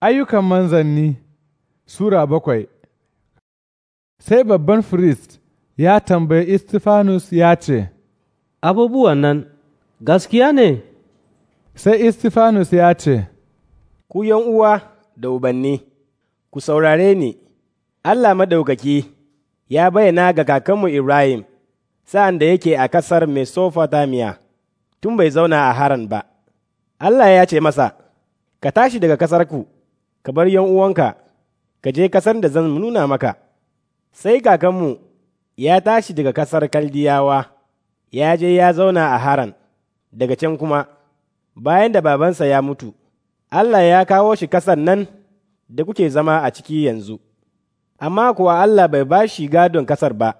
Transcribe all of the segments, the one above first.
Ayyukan manzanni Sura bakwai Sai babban firist ya tambayi Istifanus ya ce, Abubuwan nan gaskiya ne? Sai Istifanus ya ce, Ku uwa da ubanni, ku saurare ni, Allah Maɗaukaki ya bayyana ga kakanmu Ibrahim, sa'an da yake a ƙasar Mesopotamiya, tun bai zauna a haran ba. Allah ya ce masa, Ka tashi daga ƙasarku. ku. ka bar uwanka, ka je kasar da zan nuna maka. Sai kakanmu ya tashi daga ƙasar Kaldiyawa, ya je ya zauna a Haran, daga can kuma, bayan da babansa ya mutu, Allah ya kawo shi kasar nan da kuke zama a ciki yanzu, amma kuwa Allah bai ba shi gadon ƙasar ba,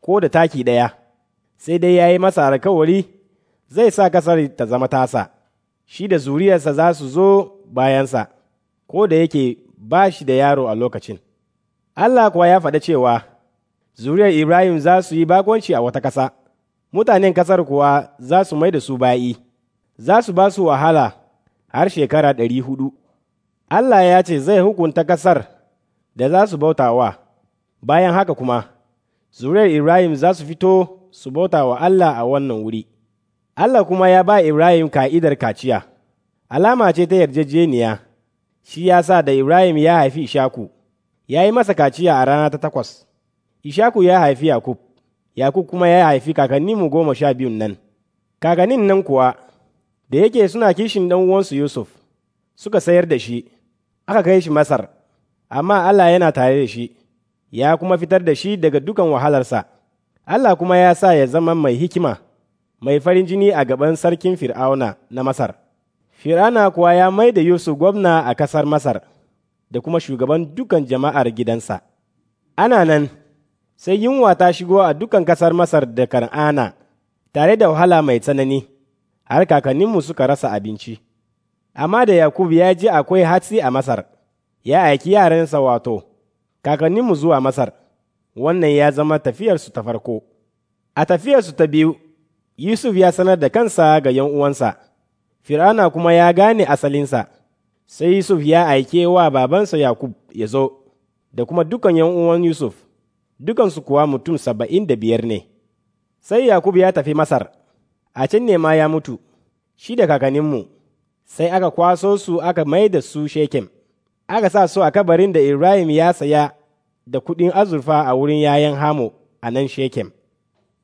ko da taki ɗaya, sai dai ya yi masa alkawari zai sa kasar ta zama tasa, shi da zuriyarsa za su zo bayansa. ko da yake ba shi da yaro a lokacin. Allah kuwa ya faɗa cewa, zuriyar Ibrahim za su yi bakonci a wata ƙasa, mutanen ƙasar kuwa za su mai da su bayi za su ba su wahala har shekara ɗari hudu. Allah ya ce zai hukunta ƙasar da za su bauta wa, bayan haka kuma, zuriyar Ibrahim za su fito su bauta wa Allah a wannan wuri. Allah kuma ya ba Ibrahim ka'idar kaciya, alama ce ta yarjejeniya. shi ya sa da Ibrahim ya haifi Ishaku, ya yi masa kaciya a rana ta takwas. Ishaku ya haifi Yakub, Yakub kuma ya haifi kakanni mu goma sha biyun nan. Kakannin nan kuwa, da yake suna kishin ɗan uwansu Yusuf, suka sayar da shi, aka kai shi Masar, amma Allah yana tare da shi, ya kuma fitar da shi daga dukan wahalarsa. Allah kuma ya sa ya zama mai hikima, mai farin jini a gaban sarkin Fir'auna na Masar. Firana kuwa ya mai da Yusuf gwamna a ƙasar Masar da kuma shugaban dukan jama'ar gidansa. Ana nan, sai yunwa ta shigo a dukan ƙasar Masar da Kan'ana tare da wahala mai tsanani, har kakanninmu suka rasa abinci. Amma da Yakub ya ji akwai hatsi a Masar, ya aiki yaransa wato, kakanninmu zuwa Masar, wannan ya zama tafiyarsu ta farko. A tafiyarsu ta biyu, Yusuf ya sanar da kansa ga 'yan uwansa. fir'ana kuma ya gane asalinsa, sai Yusuf ya aike wa babansa Yakub ya zo, da kuma dukan ‘yan uwan Yusuf, dukansu kuwa mutum saba'in da biyar ne. Sai Yakub ya tafi Masar, a can ne ma ya mutu, shi da kakanninmu, sai aka kwaso su aka mai da su Shekem, aka sa su a kabarin da Ibrahim ya saya da kuɗin azurfa a wurin yayan Hamo a nan Shekem.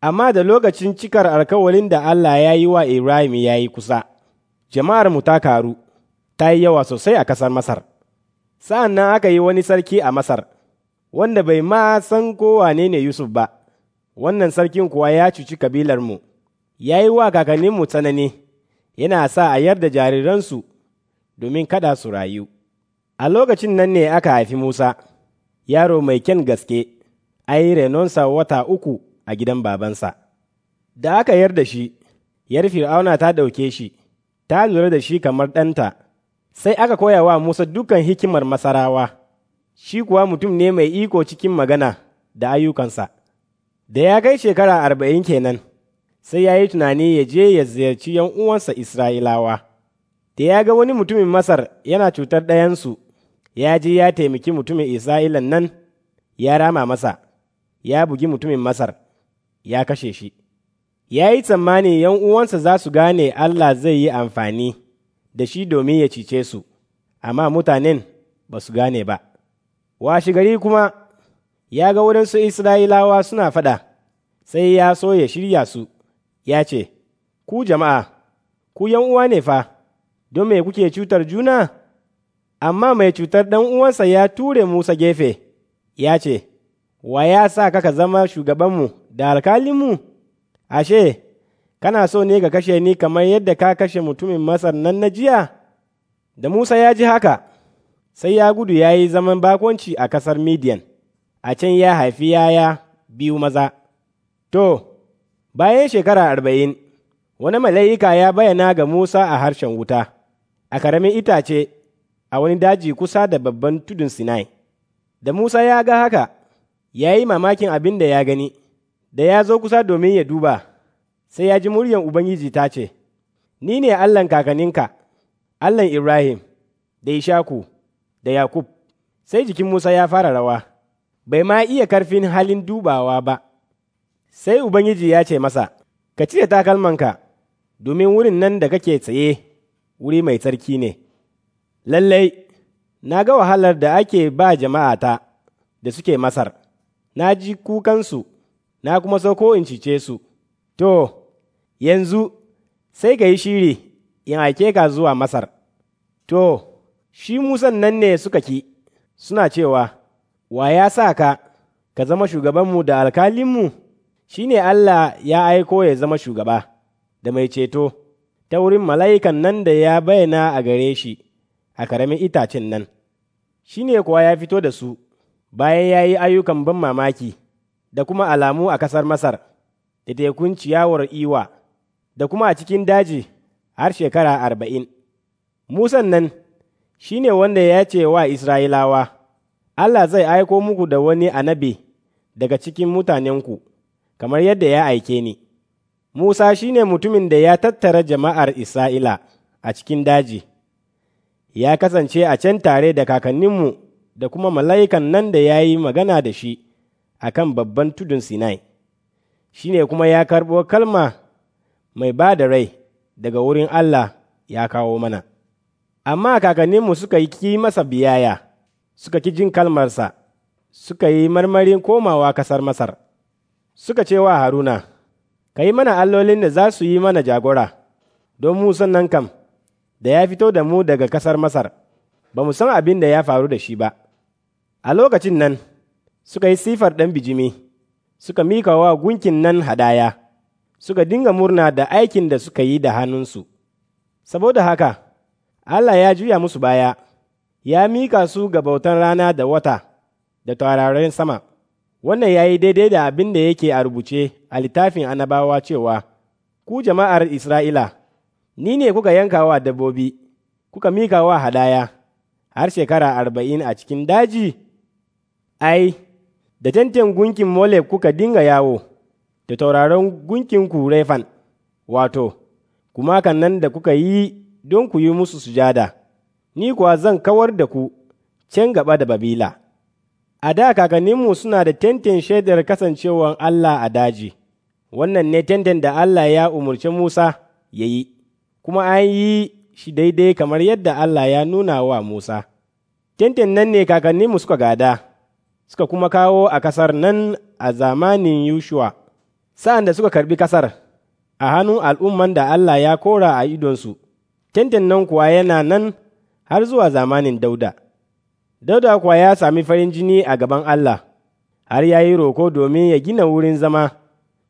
Amma da lokacin cikar alkawalin da Allah ya yi wa Ibrahim ya yi kusa. jama'ar mu ta karu ta yi yawa sosai a ƙasar Masar. Sa'an nan aka yi wani sarki a Masar, wanda bai ma san ko wane ne Yusuf ba, wannan sarkin kuwa ya cuci kabilarmu, ya yi wa kakannin mu tsanani, yana sa a yar yarda jariransu domin kada su rayu. A lokacin nan ne aka haifi Musa, yaro mai kyan gaske, Ai renonsa wata uku a gidan babansa. Da aka yar da shi, yar Fir'auna ta ɗauke shi. ta lura da shi kamar ɗanta, sai aka koya wa Musa dukan hikimar Masarawa, shi kuwa mutum ne mai iko cikin magana da ayyukansa. Da ya kai shekara arba'in kenan, sai ya yi tunani ya je ya ziyarci ‘yan uwansa Isra'ilawa. Da ya ga wani mutumin Masar yana cutar ɗayansu, ya je ya taimaki mutumin Isra'ilan nan, ya rama masa, ya bugi mutumin Masar, ya kashe shi. ya yi tsammani ‘yan uwansa za su gane Allah zai yi amfani da shi domin ya cice su, amma mutanen ba su gane ba. Washi gari kuma ya ga wurinsu Isra'ilawa suna faɗa, sai ya so ya shirya su, ya ce, Ku jama'a, ku ‘yan uwa ne fa, don me kuke cutar juna? Amma mai cutar ɗan uwansa ya ture Musa gefe, ya ce, Wa ya sa kaka zama shugabanmu da alkalinmu? Ashe, kana so ne ka kashe ni kamar yadda ka kashe mutumin Masar nan na jiya? Da Musa ya ji haka, sai ya gudu ya yi zaman bakonci a ƙasar Midiyan, a can ya haifi yaya biyu maza. To, bayan shekara arba'in, wani mala'ika ya bayyana ga Musa a harshen wuta, a ƙaramin itace, a wani daji kusa da babban tudun Sinai. Da Musa ya ga haka, ya yi mamakin abin da ya gani. da ya zo kusa domin ya duba, sai ya ji muryan Ubangiji ta ce, Ni ne Allahn kakaninka, Allahn Ibrahim, da Ishaku, da Yakub, sai jikin Musa ya fara rawa, bai ma iya karfin halin dubawa ba. Sai Ubangiji ya ce masa, Ka cire takalmanka, domin wurin nan da kake tsaye wuri mai tsarki ne. Lallai, na ga wahalar da ake ba jama'ata da suke Masar, na ji kukansu. na kuma sauko in cice su. To, yanzu sai ka yi shiri in aike ka zuwa Masar. To, shi Musan nan ne suka ki, suna cewa, Wa ya sa ka, ka zama shugabanmu da alkalinmu, shi ne Allah ya aiko ya zama shugaba, da mai ceto, ta wurin mala'ikan nan da ya bayyana a gare shi a karamin itacen nan, shi ne kuwa ya fito da su, bayan ya yi ayyukan ban mamaki. da kuma alamu a ƙasar Masar, da tekun ciyawar iwa, da kuma a cikin daji har shekara arba'in. Musan nan shi ne wanda ya ce wa Isra'ilawa, Allah zai aiko muku da wani anabi daga cikin mutanenku, kamar yadda ya aike ni. Musa shi ne mutumin da ya tattara jama'ar Isra'ila a cikin daji, ya kasance a can tare da kakanninmu da kuma mala'ikan nan da ya yi magana da shi. a kan babban tudun Sinai, shi ne kuma ya karɓo kalma mai ba da rai daga wurin Allah ya kawo mana. Amma kakanninmu suka yi ki masa biyaya, suka ki jin kalmarsa, suka yi marmarin komawa kasar Masar, suka ce wa Haruna, Ka yi mana allolin da za su yi mana jagora, don mu nan kam, da ya fito da mu daga kasar Masar, ba mu san abin da ya faru da shi ba. A lokacin nan, suka yi sifar ɗan bijimi, suka mika wa gunkin nan hadaya, suka dinga murna da aikin da suka yi da hannunsu. Saboda haka, Allah ya juya musu baya, ya mika su ga bautan rana da wata da taurarin sama. Wannan ya yi daidai da abin da yake a rubuce a littafin annabawa cewa, Ku jama'ar Isra'ila, ni ne kuka yanka wa dabbobi, kuka mika wa hadaya, har shekara arba'in a cikin daji? Ai, da tantan gunkin mole kuka dinga yawo, da tauraron gunkin ku Refan, wato, kuma kan nan da kuka yi don ku yi musu sujada, ni kuwa zan kawar da ku can gaba da Babila. A da kakanninmu suna da tentin shaidar kasancewan Allah a daji, wannan ne tentin da Allah ya umarci Musa ya yi, kuma an yi shi daidai kamar yadda Allah ya nuna wa Musa. Tentin nan ne kakanninmu suka gada. suka kuma kawo a kasar nan a zamanin Yushua. sa'an da suka karbi ƙasar. a hannun al'umman da Allah ya kora a idonsu, tentin nan kuwa yana nan har zuwa zamanin Dauda. Dauda kuwa ya sami farin jini a gaban Allah, har ya yi roko domin ya gina wurin zama,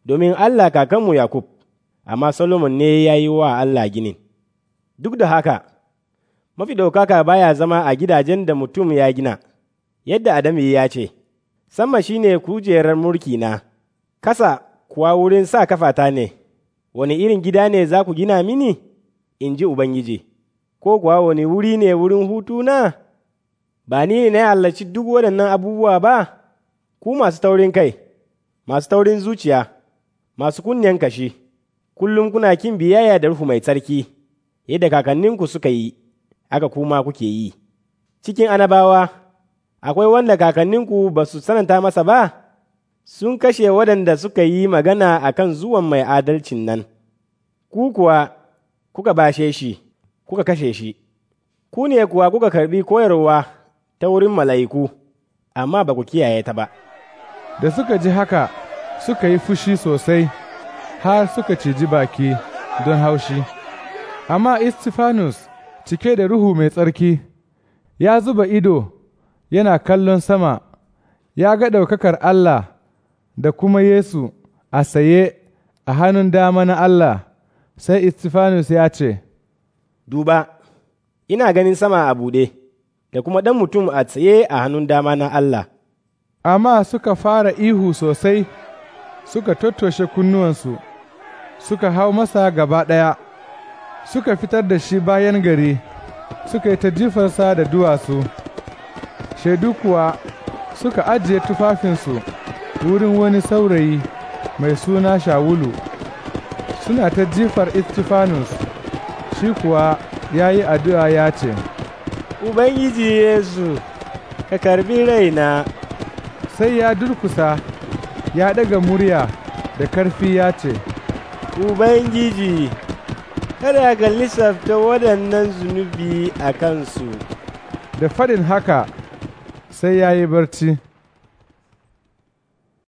domin Allah kakanmu Yakub, amma Solomon ne ya yi wa Allah ginin. Duk da haka, mafi ɗaukaka baya zama a gidajen da mutum ya gina. yadda Adamu ya ce, Sama shi ne kujerar na. kasa kuwa wurin sa kafata ne, wani irin gida ne za ku gina mini, in ji Ubangiji, ko kuwa wani wuri ne wurin na. ba ni ne na halarci duk waɗannan abubuwa ba, ku masu taurin kai, masu taurin zuciya, masu kunnen kashi, kullum kuna kin biyayya da ruhu mai tsarki, yadda kakanninku suka yi, aka kuma kuke yi. Cikin anabawa. akwai wanda kakanninku ba su sananta masa ba, sun kashe waɗanda suka yi magana a kan zuwan mai adalcin nan, ku kuwa kuka bashe shi, kuka kashe shi, ku ne kuwa kuka karɓi koyarwa ta wurin mala'iku, amma ba ku kiyaye ta ba. Da suka ji haka suka yi fushi sosai, har suka ciji baki don haushi, amma Istifanus cike da ruhu mai tsarki, ya zuba ido. yana kallon sama, ya ga ɗaukakar Allah da kuma Yesu a saye a hannun dama na Allah, sai Istifanus ya ce, Duba, ina ganin sama a buɗe, da kuma ɗan mutum a tsaye a hannun dama na Allah. Amma suka fara ihu sosai, suka tattoshe kunnuwansu, suka hau masa gaba ɗaya, suka fitar da shi bayan gari, suka yi ta jifarsa da duwatsu. shaidu kuwa suka ajiye tufafinsu wurin wani saurayi mai suna shawulu suna ta jifar istifanus shi kuwa ya yi addu'a ya ce ubangiji yesu ka karbi raina sai ya durkusa ya daga murya da karfi ya ce ubangiji kada ga lissafta waɗannan zunubi a kansu da faɗin haka Say aí, Bertie.